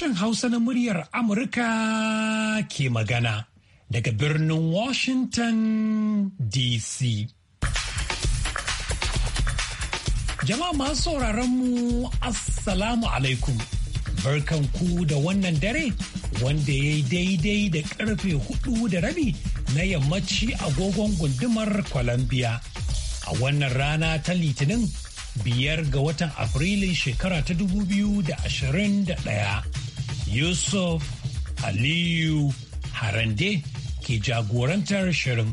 sashen Hausa na muryar Amurka ke magana daga birnin Washington DC. Jama'a masu sauraron mu Assalamu alaikum. Barkan ku da wannan dare wanda ya yi daidai da karfe hudu da rabi na yammaci agogon gundumar Columbia. A wannan rana ta Litinin biyar ga watan Afrilun shekara ta 2021 Yusuf Aliyu Harande ke jagorantar shirin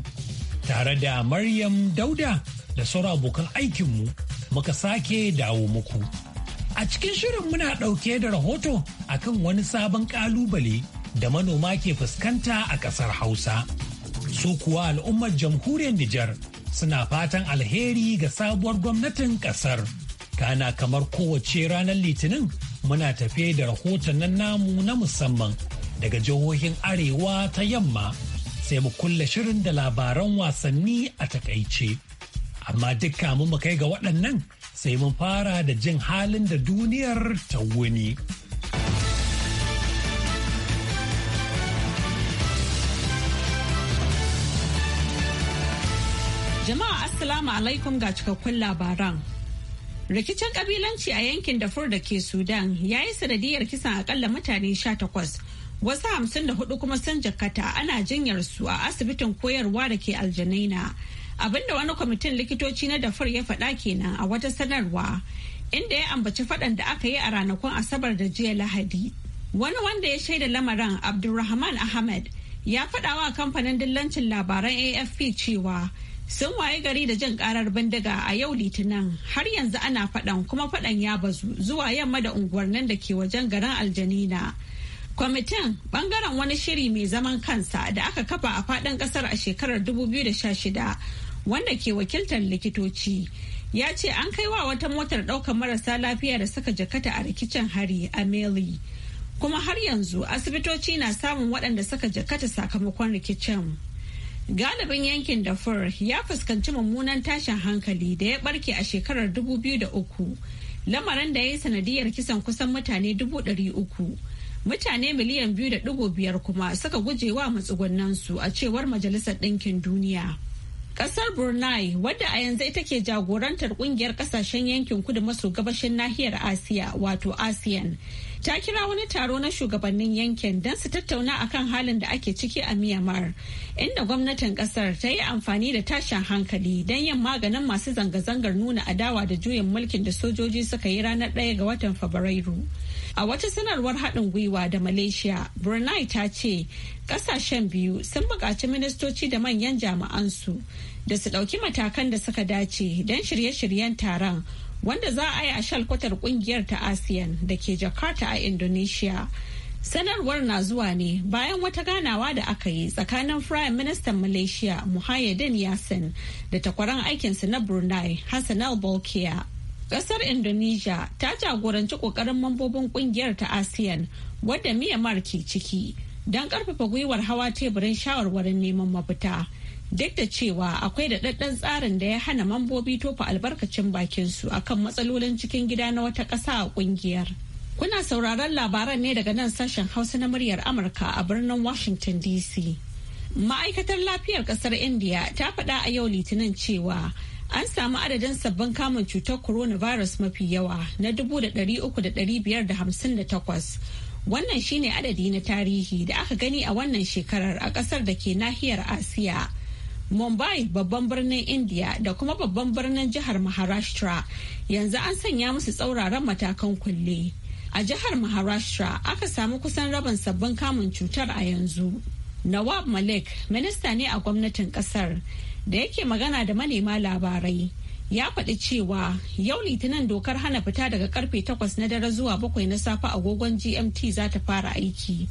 tare da Maryam Dauda da sauran abokan aikinmu muka sake dawo muku. A cikin shirin muna ɗauke da rahoto akan wani sabon ƙalubale da manoma ke fuskanta a ƙasar Hausa. Su kuwa al'ummar jamhuriyar Nijar suna fatan alheri ga sabuwar gwamnatin ƙasar. Kana kamar kowace ranar Litinin muna tafe da rahoton nan namu na musamman daga jihohin arewa ta yamma sai mu kulle shirin da labaran wasanni a takaice. Amma dukka mu kai ga waɗannan sai mun fara da jin halin da duniyar ta wuni. Jama'a Assalamu alaikum ga cikakkun labaran. rikicin kabilanci a yankin dafur da ke sudan ya yi sanadiyar kisan akalla mutane sha takwas. wasu hamsin da hudu kuma sun jakata ana jinyar su a asibitin koyarwa da ke aljanaina abinda wani kwamitin likitoci na dafur ya faɗa kenan a wata sanarwa inda ya ambaci faɗan da aka yi a ranakun asabar da jiya lahadi wani wanda ya shaida lamarin abdulrahman ahmed ya faɗawa kamfanin dillancin labaran afp cewa sun waye gari da jin karar bindiga a yau litinin har yanzu ana fadan kuma fadan ya bazu zuwa yamma da unguwannin da ke wajen garin aljanina kwamitin bangaren wani shiri mai zaman kansa da aka kafa a fadin kasar a shekarar 2016 wanda ke wakiltar likitoci ya ce an kai wa wata motar ɗaukar marasa lafiya da suka jakata a rikicin hari a meli kuma har yanzu asibitoci na samun waɗanda suka jakata sakamakon rikicin. Galibin yankin Darfur ya fuskanci mummunan tashin hankali da ya barke a shekarar 2003, lamarin da ya yi sanadiyar kisan kusan mutane 300,000. Mutane miliyan 2.5 kuma suka guje wa matsugunansu a cewar Majalisar Ɗinkin Duniya. Ƙasar Brunei, wadda a yanzu ita ke jagorantar ƙungiyar ƙasashen yankin kudu maso gabashin nahiyar Asiya wato ASEAN, ta kira wani taro na shugabannin yankin don su tattauna akan halin da ake ciki a Myanmar, inda gwamnatin ƙasar ta yi amfani da tashin hankali don yin maganin masu zanga-zangar nuna adawa da juyin mulkin da sojoji suka yi ranar 1 ga watan Fabrairu. A wata sanarwar haɗin gwiwa da Malaysia, Brunei ta ce ƙasashen biyu sun buƙaci ministoci da manyan jami'ansu da su ɗauki matakan da suka dace don shirye-shiryen taron wanda za a yi a shalkwatar ƙungiyar ta ASEAN da ke Jakarta a Indonesia. Sanarwar na zuwa ne bayan wata ganawa da aka yi tsakanin Firayim Ministan Malaysia Muhayedin Yassin da takwaran aikinsu na Brunei Hassanal Bolkiah. Kasar Indonesia ta jagoranci kokarin mambobin kungiyar ta ASEAN wadda Myanmar ke ciki don karfafa gwiwar hawa teburin shawarwarin neman mafita. Duk da cewa akwai da daddan tsarin da ya hana mambobi tofa albarkacin bakin bakinsu akan matsalolin cikin gida na wata ƙasa a kungiyar. Kuna sauraron labaran ne daga nan sashen Hausa na muryar Amurka a birnin Washington DC. Ma'aikatar lafiyar kasar India ta faɗa a yau Litinin cewa an samu adadin sabbin kamun cutar coronavirus mafi yawa na 300,558 wannan shine adadi na tarihi da aka gani a wannan shekarar a kasar da ke nahiyar asiya mumbai babban birnin india da kuma babban birnin jihar maharashtra yanzu an sanya musu tsauraran matakan kulle a jihar maharashtra aka samu kusan rabin sabbin kamun cutar a yanzu nawab malik minista ne a gwamnatin kasar da yake magana da manema labarai ya faɗi cewa yau litinin dokar hana fita daga karfe 8 na dare zuwa 7 na safe agogon gmt za ta fara aiki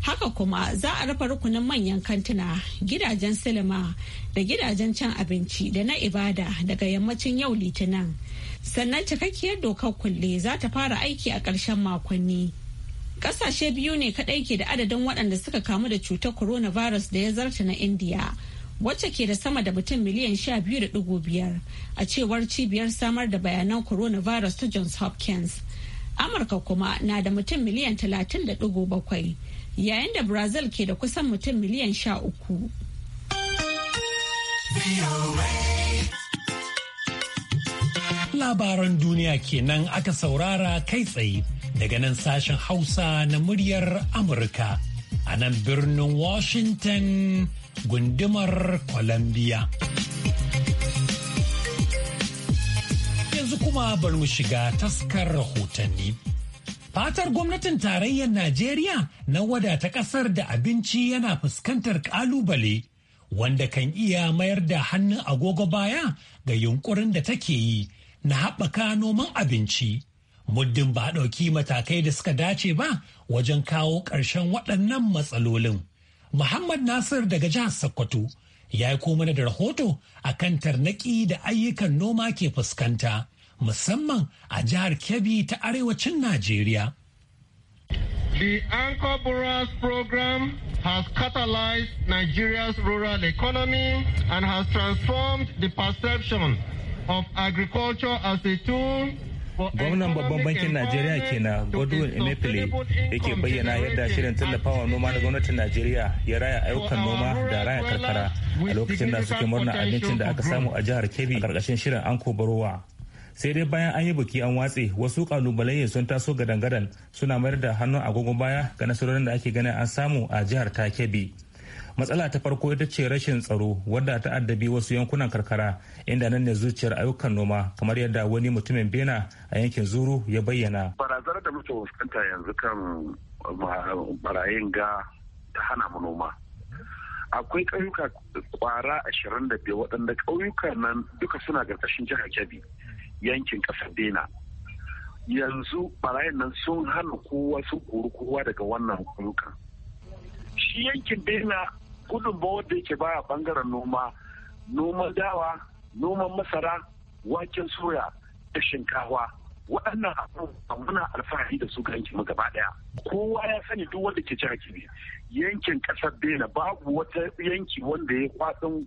haka kuma za a rufe rukunin manyan kantuna gidajen silima da gidajen can abinci da na ibada daga yammacin yau litinin sannan cikakkiyar dokar kulle za ta fara aiki a ƙarshen makonni ƙasashe biyu ne kaɗai ke da adadin waɗanda suka kamu da cutar coronavirus da ya zarta na indiya wacce ke da sama da mutum miliyan 12.5 a cewar cibiyar samar da bayanan coronavirus ta johns hopkins amurka kuma na da mutum miliyan Talatin da bakwai yayin da brazil ke da kusan mutum miliyan uku. labaran duniya kenan aka saurara kai tsaye daga nan sashen hausa na muryar amurka a nan birnin washington gundumar Columbia. Yanzu kuma bari mu shiga taskar rahotanni. Fatar gwamnatin tarayyar Najeriya na wadata kasar da abinci yana fuskantar kalubale wanda kan iya mayar da hannun agogo baya ga yunkurin da take yi na haɓaka noman abinci. Muddin ba ɗauki matakai da suka dace ba wajen kawo ƙarshen waɗannan matsalolin. Muhammad Nasir daga jihar Sokoto ya yi mana da rahoto a kan tarnaki da ayyukan noma ke fuskanta musamman a jihar Kebbi ta arewacin Najeriya. The Anchor Boras program has catalyzed Nigeria's rural economy and has transformed the perception of agriculture as a tool gwamnan babban bankin najeriya na godwin ya yake bayyana yadda shirin tallafawa noma na gwamnatin najeriya ya raya ayyukan noma da raya karkara a lokacin da suke murna abincin da aka samu a jihar kebbi a karkashin shirin anko barowa sai dai bayan an yi biki an watse wasu kalubalai sun taso gadan-gadan suna mayar da hannun agogon baya ga nasarorin da ake ganin an samu a jihar ta kebbi matsala ta farko ita ce rashin tsaro wadda ta addabi wasu yankunan karkara inda nan ne zuciyar ayyukan noma kamar yadda wani mutumin bena a yankin zuru ya bayyana barazanar da muke fuskanta yanzu kan barayin ga ta hana mu noma akwai ƙauyuka kwara ashirin da biyu waɗanda ƙauyuka nan duka suna ƙarƙashin jihar kebbi yankin ƙasar bena yanzu barayin nan sun hana kowa sun kori kowa daga wannan ƙauyukan shi yankin bena kudin ba wanda yake baya bangaren noma noman dawa noman masara waken soya da shinkawa waɗannan abubuwa muna alfahari da su ga yankin gaba ɗaya kowa ya sani duk wanda ke jihar ne yankin ƙasar bena babu wata yanki wanda ya kwaɗin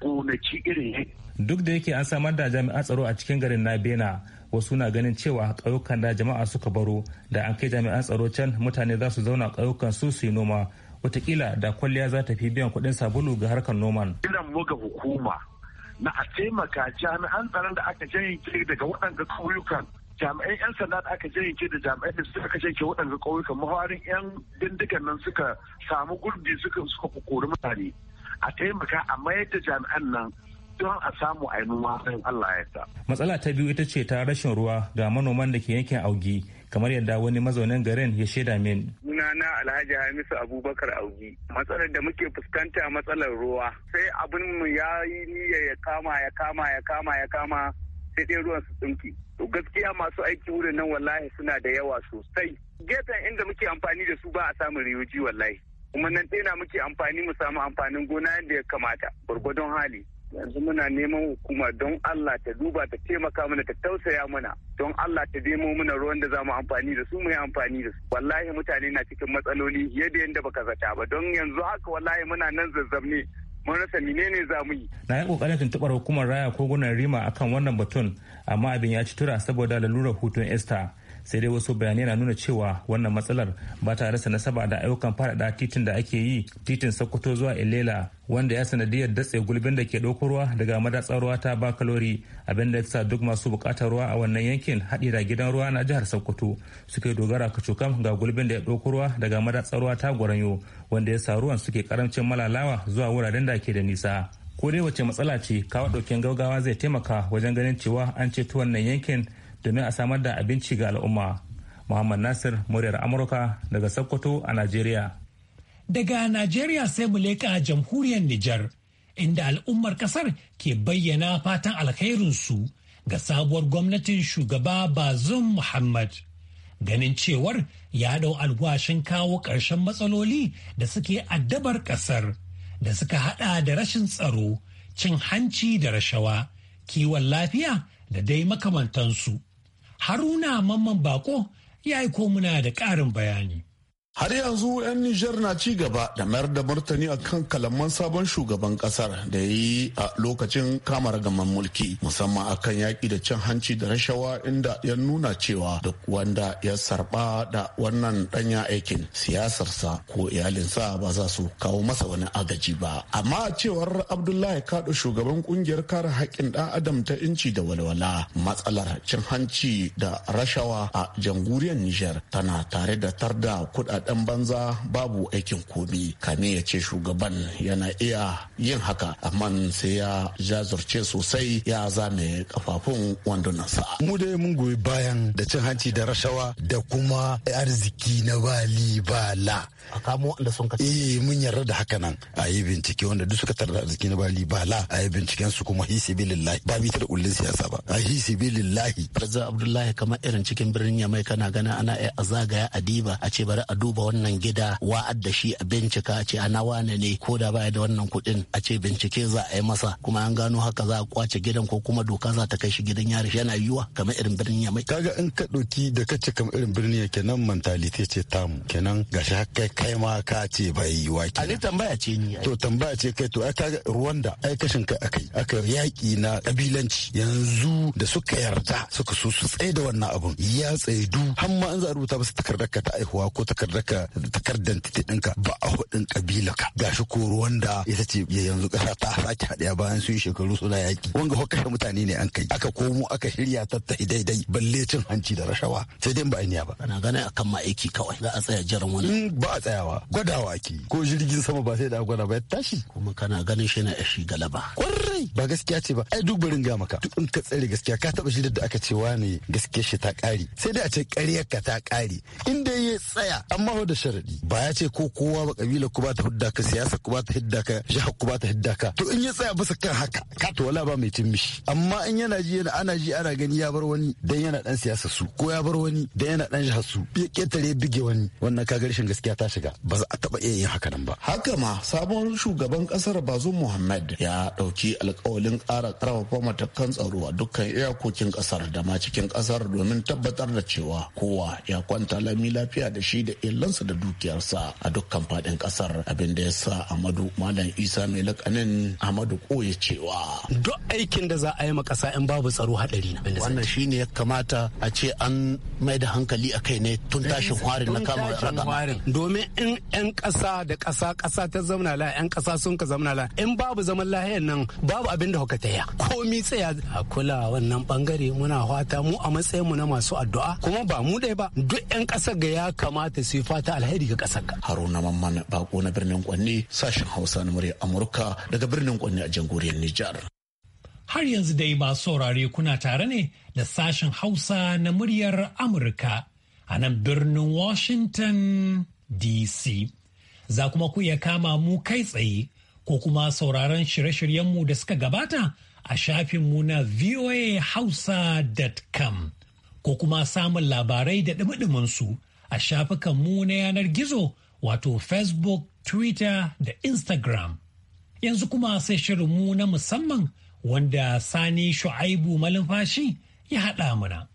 gonaki irin ne. duk da yake an samar da jami'an tsaro a cikin garin na bena wasu na ganin cewa ƙauyukan da jama'a suka baro da an kai jami'an tsaro can mutane za su zauna ƙauyukan su su yi noma watakila da kwalliya za ta fi biyan kuɗin sabulu ga harkar noman. Kiran mu ga hukuma na a taimaka jami'an tsaron da aka jayyanke daga waɗanda ƙauyukan jami'an 'yan sanda da aka jayyanke da jami'an da suka kashe ke waɗanda kauyukan muhawarin 'yan bindigan nan suka samu gurbi suka suka kori mutane a taimaka a mayar da jami'an nan don a samu ainihin wasan Allah ya ta. Matsala ta biyu ita ce ta rashin ruwa ga manoman da ke yankin augi kamar yadda wani mazaunin garin ya shaida min. Sunana Alhaji Hamisu Abubakar Augi. Matsalar da muke fuskanta matsalar ruwa. Sai abin mu ya yi niyya ya kama ya kama ya kama ya kama sai dai ruwan su tsinki. To gaskiya masu aiki wurin nan wallahi suna da yawa sosai. Gefen inda muke amfani da su ba a samun riyoji wallahi. Kuma nan ɗaya muke amfani mu samu amfanin gona yadda ya kamata gwargwadon hali. yanzu muna neman hukuma don Allah ta duba ta taimaka mana ta tausaya mana don Allah ta demo mana ruwan da zamu amfani da su mu yi amfani da su wallahi mutane na cikin matsaloli yadda yadda baka zata ba don yanzu haka wallahi muna nan ne mun rasa menene za mu yi na yi kokarin tuntubar hukumar raya ko kogunan rima akan wannan batun amma abin ya ci tura saboda lalurar hutun Esther sai dai wasu bayanai na nuna cewa wannan matsalar ba ta rasa nasaba da ayyukan faɗaɗa titin da ake yi titin sokoto zuwa ilela wanda ya sanadiyar datse gulbin da ke ɗauko ruwa daga madatsar ruwa ta bakalori abin da sa duk masu buƙatar ruwa a wannan yankin haɗi da gidan ruwa na jihar sokoto suke dogara ka kacokam ga gulbin da ya ɗauko ruwa daga madatsar ruwa ta gwaranyo wanda ya sa ruwan suke karamcin malalawa zuwa wuraren da ke da nisa ko dai wace matsala ce kawo ɗaukin gaugawa zai taimaka wajen ganin cewa an ceto wannan yankin domin a samar da abinci ga al'umma muhammad nasir muryar amurka daga sokoto a najeriya daga najeriya sai mu leƙa jamhuriyar nijar inda al'ummar ƙasar ke bayyana fatan alkhairinsu ga sabuwar gwamnatin shugaba bazum muhammad ganin cewar ya ɗau alwashin kawo ƙarshen matsaloli da suke addabar ƙasar da suka haɗa da rashin tsaro cin hanci da rashawa kiwon lafiya da dai makamantansu Haruna Mamman Bako ya aiko muna da ƙarin bayani. Har yanzu 'yan Nijar na ci gaba da mayar da martani a kan kalaman sabon shugaban kasar da ya yi a lokacin kamar gaman mulki musamman a kan yaƙi da cin hanci da rashawa inda ya nuna cewa duk wanda ya sarba da wannan ɗanya aikin siyasarsa ko iyalinsa ba za su kawo masa wani agaji ba. Amma cewar Abdullahi Kaɗo shugaban ƙungiyar kare haƙƙin ɗan adam ta inci da walwala matsalar cin hanci da rashawa a jamhuriyar Nijar tana tare da tarda kuɗaɗe Ɗan banza babu aikin komi kame ya ce shugaban yana iya yin haka amma sai ya jazurce sosai ya zame kafafun wandunansa mu da mun goyi bayan da cin hanci da rashawa da kuma arziki na bali bala a kamo wanda sun kace eh mun yarda da haka nan a yi bincike wanda duk suka tarda arziki na bali bala a yi binciken su kuma billahi ba bi ta da ullin siyasa ba a billahi Abdullahi kamar irin cikin birnin Yamai kana gana ana a zagaya a diba a ce bari a duba duba wannan gida wa'ad da shi a bincika a ce ana wane ne ko da baya da wannan kuɗin a ce bincike za a yi masa kuma an gano haka za a kwace gidan ko kuma doka za ta kai shi gidan yari yana yiwa kamar irin birnin mai kaga in ka ɗauki da ce kamar irin birnin ya kenan mentality ce tamu kenan gashi kai kai ma ka ce bai yiwa kenan ani tambaya ce ni to tambaya ce kai to ai kaga ruwanda ai kashin kai akai aka yaki na kabilanci yanzu da suka yarda suka so su tsaye da wannan abun ya tsaidu har ma an za a rubuta su takardar ka ta aihuwa ko takardar ka takardar ɗinka ba a hudun kabila ka gashi ko da ita ce yanzu ƙasa ta sake haɗiya bayan sun shekaru suna yaki wanga hukar mutane ne an kai aka komo aka shirya ta daidai balle cin hanci da rashawa sai dai ba ba ana ganin akan ma aiki kawai za a tsaya jiran wani mm, ba a tsayawa gwadawa ake ko jirgin sama ba sai da gwada ba ya tashi kuma kana ganin shi na shi galaba kwarai ba gaskiya ce ba ai duk barin ga maka duk in ka tsare gaskiya ka taba shi da aka ce ne gaskiya shi ta kare sai dai a ce ƙaryar ka ta kare inda ya tsaya an amma da sharadi ba ya ce ko kowa ba kabila ku ba ta hidda ka siyasa ku ba ta hidda ka jihar ku ba ta hidda ka to in ya tsaya bisa kan haka ka to wala ba mai cin mishi amma in yana ji yana ana ji ana gani ya bar wani dan yana dan siyasa su ko ya bar wani dan yana dan jihar su ya ketare bige wani wannan ka rashin gaskiya ta shiga ba za a taba iya yin haka nan ba haka ma sabon shugaban kasar bazo muhammad ya dauki alkawalin kara karfafa matakan tsaro a dukkan iyakokin kasar da ma cikin kasar domin tabbatar da cewa kowa ya kwanta lami lafiya da shi da iyalansa da dukiyarsa a dukkan fadin kasar abin da ya sa Amadu Malam Isa mai lakanin Amadu Koya cewa. Duk aikin da za a yi ma ƙasa in babu tsaro haɗari na. Wannan shine ya kamata a ce an mai da hankali a kai ne tun eh, tashin hwarin na kama raga. Domin in 'yan ƙasa da kasa kasa ta zauna la 'yan ƙasa sun ka zauna la in babu zaman lahiyar nan babu abin da hukata taya. Komi tsaya a kula wannan bangare muna hwata mu a matsayin mu na masu addu'a kuma ba mu ɗaya ba duk 'yan kasa ga ya kamata su fata alheri ga kasar haruna mamman bako na birnin kwanne sashen hausa na murya amurka daga birnin kwanne a jamhuriyar nijar har yanzu dai masu saurare kuna tare ne da sashen hausa na muryar amurka a nan birnin washington dc za kuma ku iya kama mu kai tsaye ko kuma sauraron shirye-shiryenmu da suka gabata a shafinmu na voahausa.com ko kuma samun labarai da ɗumi su a shafukan mu na yanar gizo wato Facebook, Twitter da Instagram. Yanzu kuma sai mu na musamman wanda Sani Shu'aibu Malumfashi ya haɗa mana.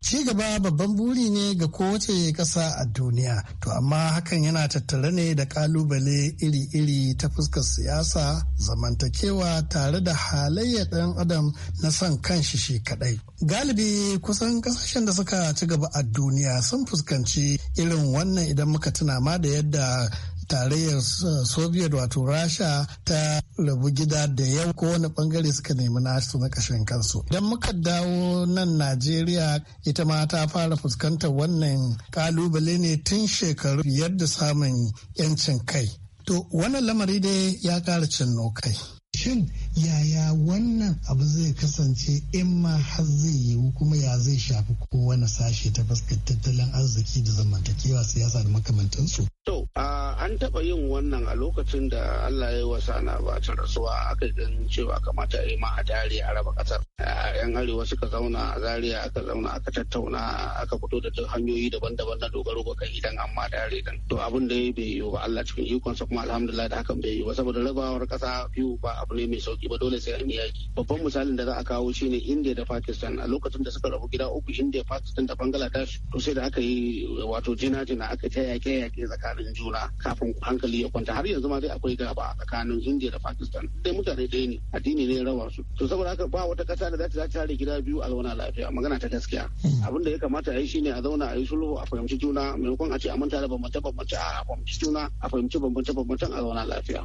Ci gaba babban buri ne ga kowace ƙasa a duniya, to amma hakan yana tattare ne da ƙalubale iri-iri ta fuskar siyasa, zamantakewa tare da halayya ɗan adam na son kanshi shi kaɗai. Galibi kusan ƙasashen da suka ci gaba a duniya sun fuskanci irin wannan idan muka tuna ma da yadda tarayyar eh, soviet wato rasha ta rabu gida da yau Ko wani bangare suka nemi nasu na kashin kansu idan muka dawo nan najeriya ita ma ta fara fuskantar wannan kalubale ne tun shekaru biyar da samun yancin kai to wannan lamari dai ya kara cin kai shin yaya wannan abu zai kasance in ma har zai yiwu kuma ya zai shafi kowane sashe ta fuskar tattalin arziki da zamantakewa siyasa da makamantansu To, an taɓa yin wannan a lokacin da Allah ya wasa na ba ta rasuwa aka gan cewa kamata a yi ma a dariya a raba ƙasar. Yan arewa suka zauna a zaria aka zauna aka tattauna aka fito da hanyoyi daban-daban na dogaro ga kai idan amma dare dan. To abin da ya bai yiwu ba Allah cikin ikonsa kuma alhamdulillah da hakan bai yi ba saboda rabawar ƙasa biyu ba abu ne mai sauƙi ba dole sai an yi yaƙi. Babban misalin da za a kawo shi ne India da Pakistan a lokacin da suka rabu gida uku India Pakistan da Bangladesh to sai da aka yi wato jina-jina aka ta yaƙe-yaƙe tsakanin haɗin juna kafin hankali ya kwanta har yanzu ma dai akwai gaba tsakanin India da Pakistan dai mutane ɗaya ne addini ne rawar su to saboda haka ba wata ƙasa da za ta tare gida biyu a zauna lafiya magana ta gaskiya abin da ya kamata a yi shine a zauna a yi sulhu a fahimci juna maimakon a ce a manta da bambance bambance a fahimci juna a fahimci bambance bambancen a zauna lafiya.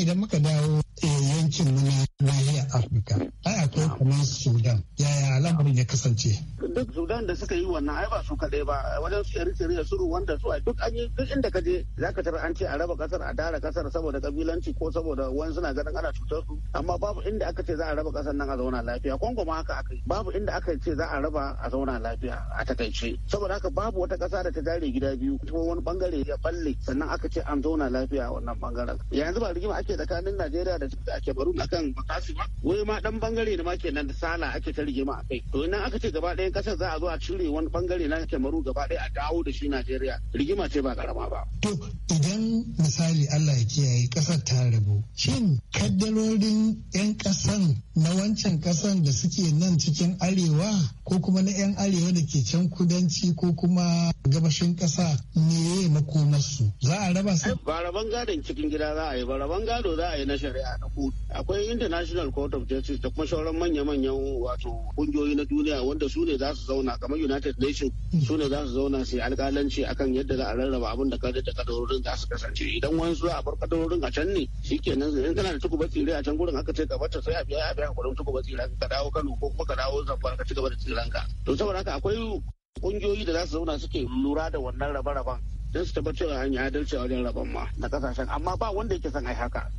idan muka dawo Eh, yankin na nahiyar afirka ai akwai kuma sudan yaya al'amarin ya kasance duk sudan da suka yi wannan ai ba su kaɗai ba wajen su eritrea su wanda su a duk an yi duk inda ka je za ka tara an ce a raba kasar a dara kasar saboda kabilanci ko saboda wani suna ganin ana cutar su amma babu inda aka ce za a raba kasar nan a zauna lafiya kongo ma haka aka yi babu inda aka ce za a raba a zauna lafiya a takaice saboda haka babu wata kasa da ta dare gida biyu ko wani bangare ya balle sannan aka ce an zauna lafiya wannan bangaren yanzu ba rigima ake tsakanin najeriya da da ake barun akan makasi ba wai ma dan bangare ne ma kenan da sala ake ta rigima akai to nan aka ce gaba ɗayan kasar za a zo a cire wani bangare na kemaru gaba ɗaya a dawo da shi Najeriya rigima ce ba karama ba to idan misali Allah ya kiyaye kasar ta rabu shin kaddarorin yan kasan na wancan kasan da suke nan cikin arewa ko kuma na yan arewa da ke can kudanci ko kuma gabashin kasa ne makomarsu za a raba su ba raban gadon cikin gida za a yi ba raban gado za a yi na shari'a na kotu akwai international court of justice da kuma sauran manya-manyan wato kungiyoyi na duniya wanda su ne za su zauna kamar united nations su ne za su zauna su yi alkalanci akan yadda za a rarraba abin da kada da kadarorin za su kasance idan wani za a bar kadarorin a can ne shikenan in kana da tukuba tsire a can gurin aka ce ka bata sai a biya a biya gurin tukuba tsire ka dawo Kano ko kuma ka dawo Zamfara ka ci gaba da tsiranka to saboda haka akwai kungiyoyi da za su zauna suke lura da wannan rabe-raben don su tabbatar da hanyar adalci a wajen rabon ma na kasashen amma ba wanda yake son ai haka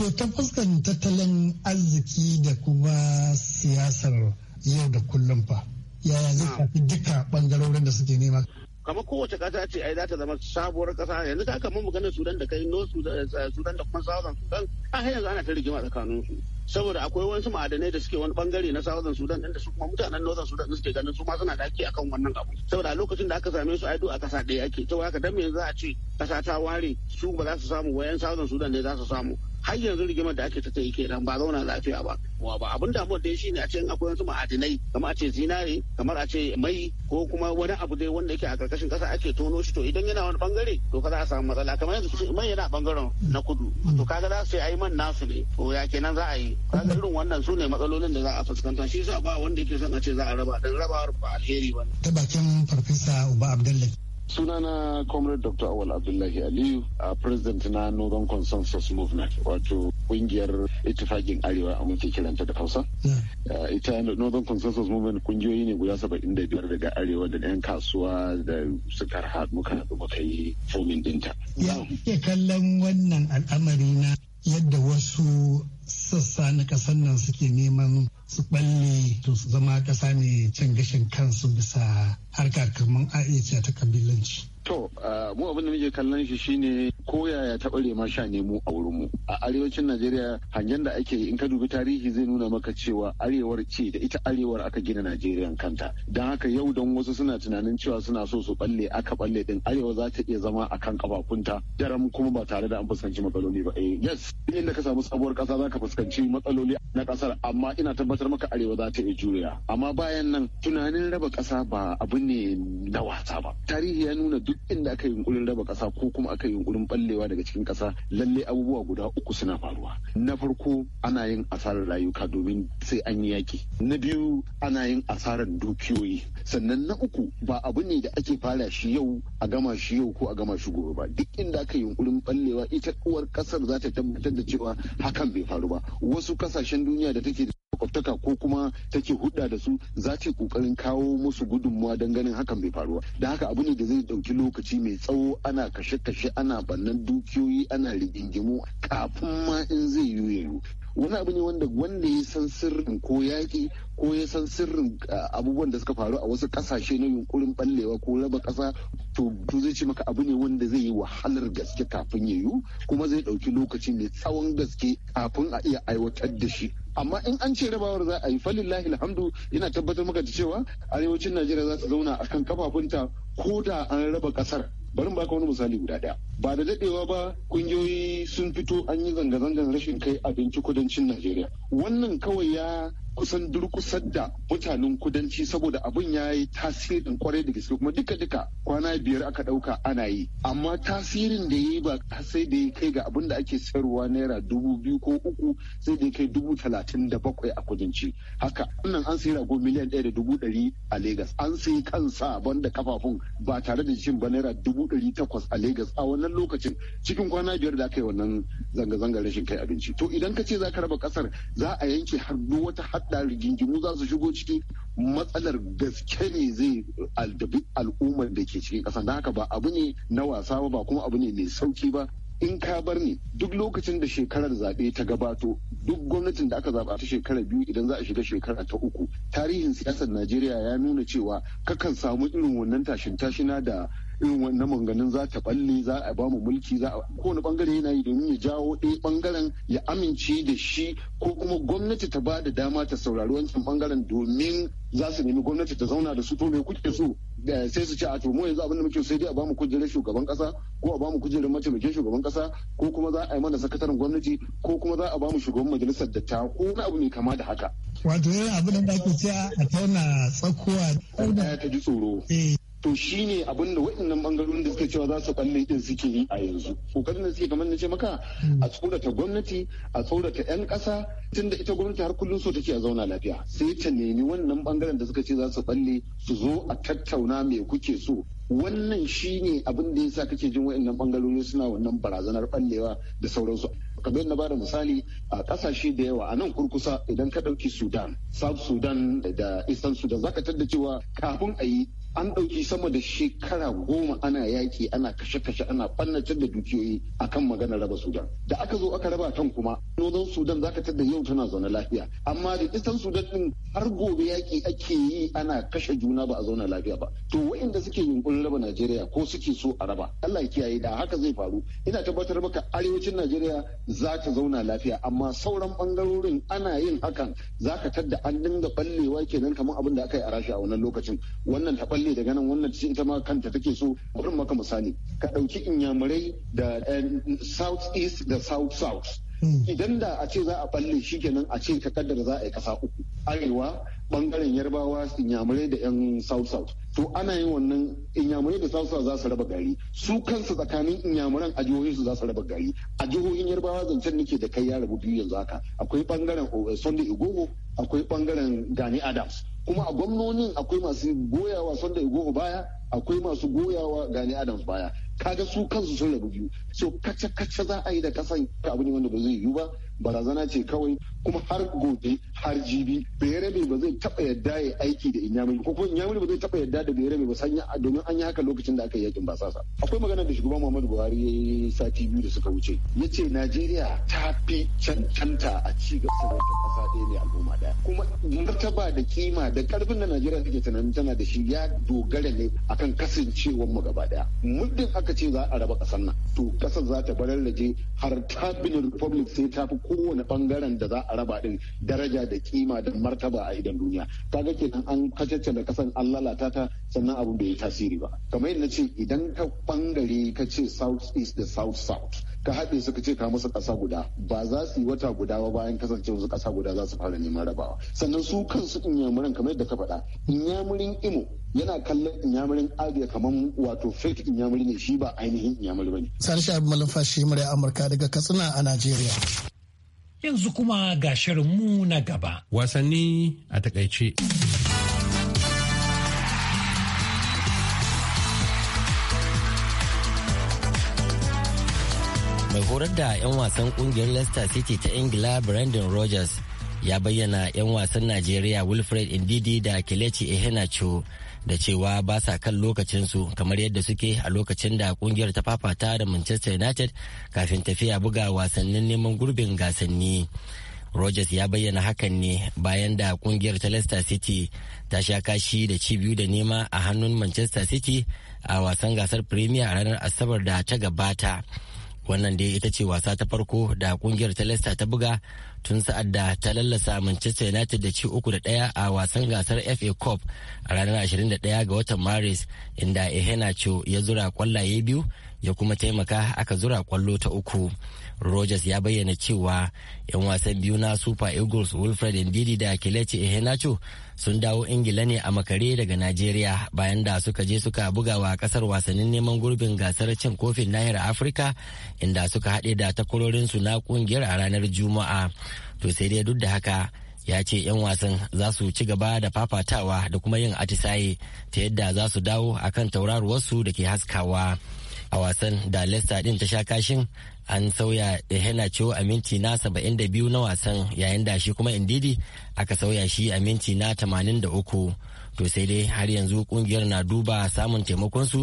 To ta fuskan tattalin arziki da kuma siyasar yau da kullum fa yaya zai tafi duka bangarorin da suke nema. kamar kowace kasa ce ai za ta zama sabuwar kasa yanzu ta kamar ganin sudan da kai no sudan eh, da kuma southern sudan a yanzu ana ta rigima tsakanin su saboda akwai wasu ma'adanai da suke wani bangare na southern sudan din da su kuma mutanen northern sudan din suke ganin su ma suna daki akan wannan abu saboda a lokacin da aka same su ai a kasa ɗaya ake saboda haka dan me yanzu a ce kasa ta ware su ba za su samu wayan southern sudan ne za su samu har yanzu rigimar da ake ta yi kenan ba zauna lafiya ba wa ba abin da dai shine a ce akwai wasu ma'adinai kamar a ce zinare kamar a ce mai ko kuma wani abu dai wanda yake a karkashin kasa ake tono shi to idan yana wani bangare to ka za a samu matsala kamar yanzu mai yana bangaren na kudu to kaga za su yi man nasu ne to ya kenan za a yi kaga irin wannan su ne matsalolin da za a fuskanta shi yasa ba wanda yake son a ce za a raba dan rabawar ba alheri ba ta bakin farfesa uba abdullahi sunana comrade dr awal abdullahi aliyu a president na northern consensus movement wato kungiyar itifagin arewa a muke kiranta da hausa hmm. uh, ita northern consensus movement kungiyoyi ne guda saba'in da biyar daga arewa da yan kasuwa da suka haɗu muka haɗu muka yi fomin dinta ya kuke kallon wannan al'amari na yadda wasu sassa na ƙasar nan suke neman su balle to su zama ƙasa ne can gashin kansu bisa harka kamar a ta kabilanci. To, mu abin da muke kallon shi shine ko yaya ta bare ma sha nemo a wurin mu. A arewacin Najeriya hangen da ake in ka dubi tarihi zai nuna maka cewa arewar ce da ita arewar aka gina Najeriya kanta. Don haka yau don wasu suna tunanin cewa suna so su balle aka balle din arewa za ta iya zama a kan kafafunta daram kuma ba tare da an fuskanci matsaloli ba. Eh, yes, da ka samu sabuwar ƙasa za ka fuskanci matsaloli na ƙasar amma ina tabbatar maka arewa za ta iya juriya. Amma bayan nan tunanin raba ƙasa ba abu ne na wasa ba. Tarihi ya nuna duk duk inda aka yi yunkurin raba ƙasa ko kuma aka yi yunkurin ballewa daga cikin ƙasa lalle abubuwa guda uku suna faruwa na farko ana yin asarar rayuka domin sai an yi yaki na biyu ana yin asarar dukiyoyi sannan na uku ba abu ne da ake fara shi yau a gama shi yau ko a gama shi gobe ba duk inda aka yi yunkurin ballewa ita uwar kasar za ta tabbatar da cewa hakan bai faru ba wasu kasashen duniya da take makwabtaka ko kuma take hudda da su za ta kokarin kawo musu gudunmuwa don ganin hakan bai faruwa da haka abu ne da zai dauki lokaci mai tsawo ana kashe-kashe ana bannan dukiyoyi ana rigingimu kafin ma in zai yiwu wani abu ne wanda wanda ya san sirrin ko yaƙi ko ya san sirrin ah, abubuwan da suka faru a wasu ƙasashe na yunkurin ɓallewa ko raba ƙasa to zai ce maka abu ne wanda zai yi wahalar gaske kafin ya yiwu kuma zai ɗauki lokaci mai tsawon gaske kafin a iya aiwatar da shi amma in an ce rabawar za a yi falillahi alhamdu yana tabbatar maka da cewa arewacin najeriya za su zauna akan kafafunta ko da an raba ƙasar bari baka wani misali guda daya ba da dadewa ba kungiyoyi sun fito an yi zanga-zangar rashin kai abinci kudancin najeriya wannan kawai ya kusan durkusar da mutanen kudanci saboda abin ya yi tasirin kwarai da gaske kuma duka duka kwana biyar aka dauka ana yi amma tasirin da ya yi ba sai da ya kai ga abin da ake sayarwa naira dubu biyu ko uku sai da ya kai dubu talatin da bakwai a kudanci haka wannan an sayi rago miliyan ɗaya da dubu ɗari a Legas an sayi kansa banda kafafun ba tare da jin ba naira dubu ɗari takwas a Legas a wannan lokacin cikin kwana biyar da aka yi wannan zanga-zangar rashin kai abinci to idan ka ce za ka raba kasar za a yanke har duk wata faɗa rigingimu za su shigo ciki matsalar gaske ne zai aldabi al'ummar da ke cikin ƙasa da haka ba abu ne na wasa ba ba kuma abu ne mai sauki ba in ka bar ni duk lokacin da shekarar zaɓe ta gabato duk gwamnatin da aka zaɓa ta shekara biyu idan za a shiga shekara ta uku tarihin siyasar najeriya ya nuna cewa kakan samu irin wannan tashin tashina da irin wannan manganin za ta balle za a ba mu mulki za a kowane bangare yana yi domin ya jawo ɗaya bangaren ya amince da shi ko kuma gwamnati ta ba da dama ta saurari wancan bangaren domin za su nemi gwamnati ta zauna da su to me kuke so sai su ce a to mu yanzu abin da muke sai dai a bamu kujerar shugaban kasa ko a bamu kujerar mataimakin shugaban kasa ko kuma za a yi mana sakataren gwamnati ko kuma za a bamu shugaban majalisar ta ko wani abu mai kama da haka wato yana abin da ake cewa a tauna tsakuwa ta ji tsoro eh. to shi ne abin da waɗannan bangarorin da suka cewa za su balle din suke yi a yanzu kokarin da suke kamar na ce maka a tsorata gwamnati a tsorata yan ƙasa da ita gwamnati har kullum so take a zauna lafiya sai ta nemi wannan bangaren da suka ce za su balle su zo a tattauna me kuke so wannan shi ne abin da sa kake jin waɗannan bangarori suna wannan barazanar ɓallewa da sauransu kamar na bada misali a kasashe da yawa a nan kurkusa idan ka ɗauki sudan south sudan da isan sudan zaka tadda cewa kafin a yi an ɗauki sama da shekara goma ana yaƙi ana kashe-kashe ana ɓannacin da dukiyoyi akan maganar raba sudan da aka zo aka raba kan kuma nonon sudan za ka tadda yau tana zaune lafiya amma da isan sudan ɗin har gobe yaƙi ake yi ana kashe juna ba a zauna lafiya ba to waɗanda suke yunkurin raba najeriya ko suke so a raba allah kiyaye da haka zai faru ina tabbatar maka arewacin najeriya za ta zauna lafiya amma sauran ɓangarorin ana yin hakan za ka tadda an dinga ɓallewa kenan kamar abin da aka yi a rasha a wannan lokacin wannan taɓa balle da nan wannan cikin ita ma kanta take so bari maka misali ka ɗauki inyamurai da eh, south east da south south hmm. idan da a ce za a balle shi kenan a ce ka kaddara za a yi kasa uku arewa bangaren yarbawa inyamurai da yan south south to ana yin wannan inyamurai da south south za su raba gari su kansu tsakanin inyamuran a jihohin su za su raba gari a jihohin yarbawa zancen nake da kai ya rabu biyu yanzu haka akwai bangaren eh, sunday igogo akwai bangaren gani adams kuma a gwamnonin akwai masu goyawa sanda igogo baya akwai masu goyawa gani adams baya kaga su kansu sun rabu biyu so kace kace za a yi da kasan abu ne wanda ba zai yiwu ba barazana ce kawai kuma har gobe har jibi bayarabe ba zai taba yadda ya aiki da inyamuri ko kuma inyamuri ba zai taba yadda da bayarabe ba sanya domin an yi haka lokacin da aka yi yakin basasa akwai magana da shugaban muhammadu buhari ya yi sati biyu da suka wuce ya ce najeriya ta fi cancanta a ci gaba da kasa ɗaya ne al'umma ɗaya kuma martaba da kima da ƙarfin da najeriya take tunanin tana da shi ya dogara ne akan kasancewar mu gaba ɗaya muddin aka ce za a raba ƙasar nan to ƙasar za ta bararraje har ta bin republic sai ta fi kowane bangaren da za a raba din daraja da kima da martaba a idan duniya kaga kenan an kacacce da kasan an lalata ta sannan abun bai yi tasiri ba kamar yadda ce idan ka bangare ka ce south east da south south ka haɗe su ka ce ka musu ƙasa guda ba za su yi wata guda ba bayan kasance wasu ƙasa guda za su fara neman rabawa sannan su kansu inyamuran kamar yadda ka faɗa inyamurin imo yana kallon inyamurin abia kamar wato fake inyamuri ne shi ba ainihin inyamuri ba ne. Sani Shabi Malumfashi Murya Amurka daga Katsina a Najeriya. Yanzu kuma ga mu na gaba. Wasanni a takaice. Mai horar da 'yan wasan kungiyar Leicester City ta Ingila Brandon Rogers ya bayyana 'yan wasan Najeriya Wilfred ndidi da Kelechi Iheanacho da cewa ba sa kan lokacinsu kamar yadda suke a lokacin da kungiyar ta fafata da manchester united kafin tafiya buga wasannin neman gurbin gasanni rogers ya bayyana hakan ne bayan da kungiyar ta leicester city ta sha kashi da ci biyu da nema a hannun manchester city a wasan gasar premier a ranar asabar da ta gabata wannan dai ita ce wasa ta farko da kungiyar ta lesta ta buga tun sa'ad da ta lallasa Manchester United da ci uku da ɗaya a wasan gasar FA Cup a ranar 21 ga watan Maris inda Ehenacho ya zura kwallaye biyu ya kuma taimaka aka zura kwallo ta uku. Rogers ya bayyana cewa 'yan wasan biyu na Super Eagles Wilfred Ndidi da Kelechi Ehenacho sun dawo ingila ne a makare daga najeriya bayan da suka je suka buga wa kasar wasannin neman gurbin gasar cin kofin nahiyar afirka inda suka haɗe da takwarorinsu na kungiyar a ranar juma'a to sai dai duk da haka ya ce 'yan wasan za su ci gaba da fafatawa da kuma yin atisaye ta yadda za su dawo akan tauraruwarsu da ke haskawa a wasan da Lesta din ta sha kashin an sauya da Ehela ciwo a minti na 72 na wasan yayin da shi kuma Indidi aka sauya shi a minti na 83. To sai dai har yanzu kungiyar na duba samun taimakonsu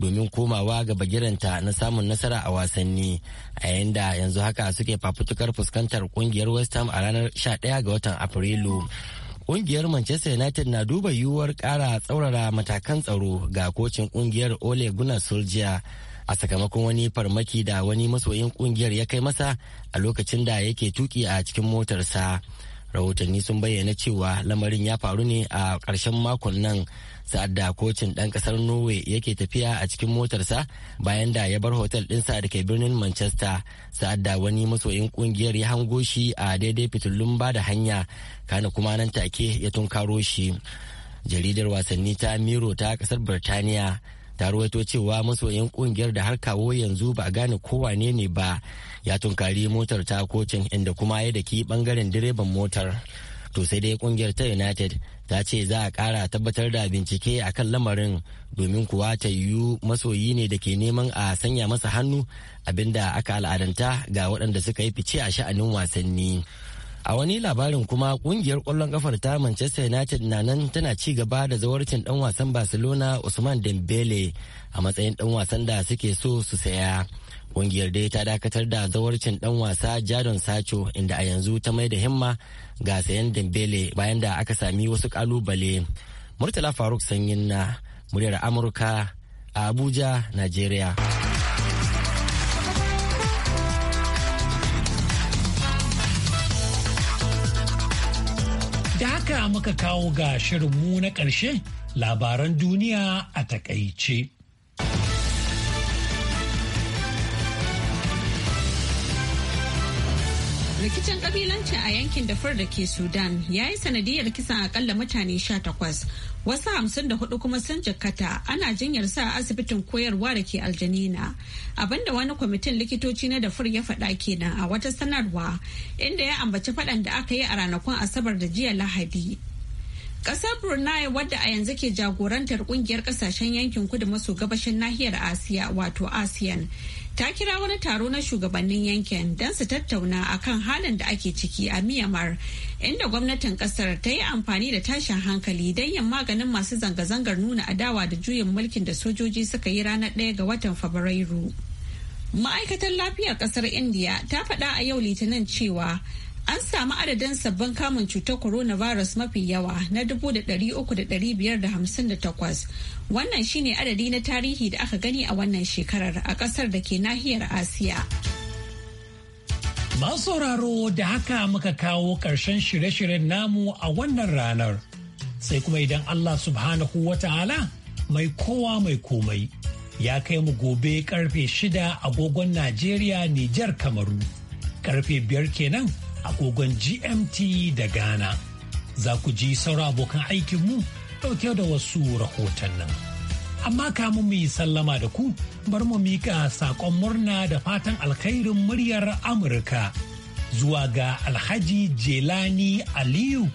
domin komawa ga bagiranta na samun nasara a wasanni a yayin da yanzu haka suke fafutukar fuskantar kungiyar West Ham a ranar 11 ga watan Afrilu. kungiyar manchester united na duba yiwuwar kara tsaurara matakan tsaro ga kocin kungiyar ole gunnar solskjaer a sakamakon wani farmaki da wani masoyin kungiyar ya kai masa a lokacin da yake tuki a cikin motarsa rahotanni sun bayyana cewa lamarin ya faru ne a ƙarshen makon nan sa'ad da kocin ɗan ƙasar norway yake tafiya a cikin motarsa bayan da ya bar hotel ɗinsa da ke birnin manchester sa'ad da wani masoyin ƙungiyar ya hango shi a daidai fitilun ba da hanya kana kuma nan take ya tunkaro shi jaridar wasanni ta miro ta ƙasar birtaniya ta ruwaito cewa masoyin kungiyar da har kawo yanzu ba a gane kowa ne ba ya tunkari motar ta kocin inda kuma ya daki bangaren direban motar to sai dai kungiyar ta united ta ce za a kara tabbatar da bincike a kan lamarin domin kuwa ta yiwu masoyi ne da ke neman a sanya masa hannu abinda aka al'adanta ga waɗanda suka yi fice a sha'anin wasanni. a wani labarin kuma kungiyar kwallon kafar ta manchester united na nan tana ci gaba da zawarcin dan wasan barcelona usman dembele a matsayin dan wasan da suke so su saya kungiyar dai ta dakatar da zawarcin dan wasa jadon sacho inda a yanzu ta mai da himma ga sayan dembele bayan da aka sami wasu kalubale murtala faruk sanyin na muryar amurka a abuja nigeria haka muka kawo ga shirinmu na ƙarshe labaran duniya a takaice. rikicin kabilanci a yankin dafur da ke sudan ya yi sanadiyar kisan akalla mutane 18 wasu 54 kuma sun jikkata ana jinyar sa a asibitin koyarwa da ke aljanina abinda wani kwamitin likitoci na dafur ya faɗa kenan a wata sanarwa inda ya ambaci faɗan da aka yi a ranakun asabar da jiya lahadi Ƙasar Brunei wadda a yanzu ke jagorantar ƙungiyar ƙasashen yankin kudu maso gabashin nahiyar Asiya wato asiyan ta kira wani taro na shugabannin yankin don su tattauna a kan halin da ake ciki a Myanmar inda gwamnatin kasar ta yi amfani da tashin hankali don yin maganin masu zanga-zangar nuna adawa da juyin mulkin da sojoji suka yi ranar ɗaya ga watan Fabrairu. Ma'aikatar lafiyar kasar India ta faɗa a yau Litinin cewa an samu adadin sabbin kamun cutar coronavirus mafi yawa na 3,558 wannan shine adadi na tarihi da aka gani a wannan shekarar a kasar da ke nahiyar asiya masu sauraro da haka muka kawo ƙarshen shirye-shiryen namu a wannan ranar sai kuma idan allah subhanahu wa ta'ala mai kowa mai komai ya kai mu gobe karfe shida agogon najeriya nijar kamaru karfe biyar kenan agogon GMT da Ghana. Za ku ji sauran abokan aikinmu ɗauke da wasu rahotannin. Amma kamun mu yi sallama da ku bar mu miƙa saƙon murna da fatan alkhairin muryar Amurka zuwa ga Alhaji Jelani Aliyu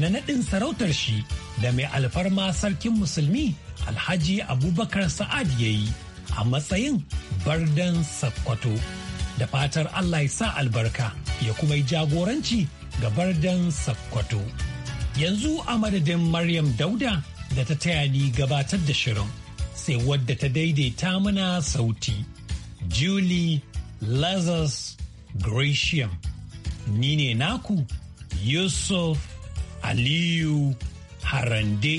na naɗin sarautar shi da mai alfarma sarkin musulmi Alhaji Abubakar Sa'ad ya yi a matsayin bardan Sakkwato. da fatar Allah ya sa albarka ya kuma yi jagoranci ga bardan Sakkwato. Yanzu a madadin Maryam Dauda da ta taya ni gabatar da shirin sai wadda ta daidaita mana sauti. Julie Lazarus Gratiam ni ne naku Yusuf Aliyu Harande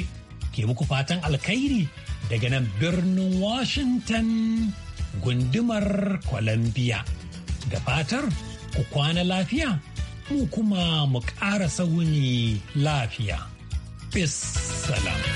ke muku fatan alkhairi daga nan birnin Washington gundumar Columbia. da fatar ku kwana lafiya mu kuma mu ƙara sauni lafiya. Peace salam.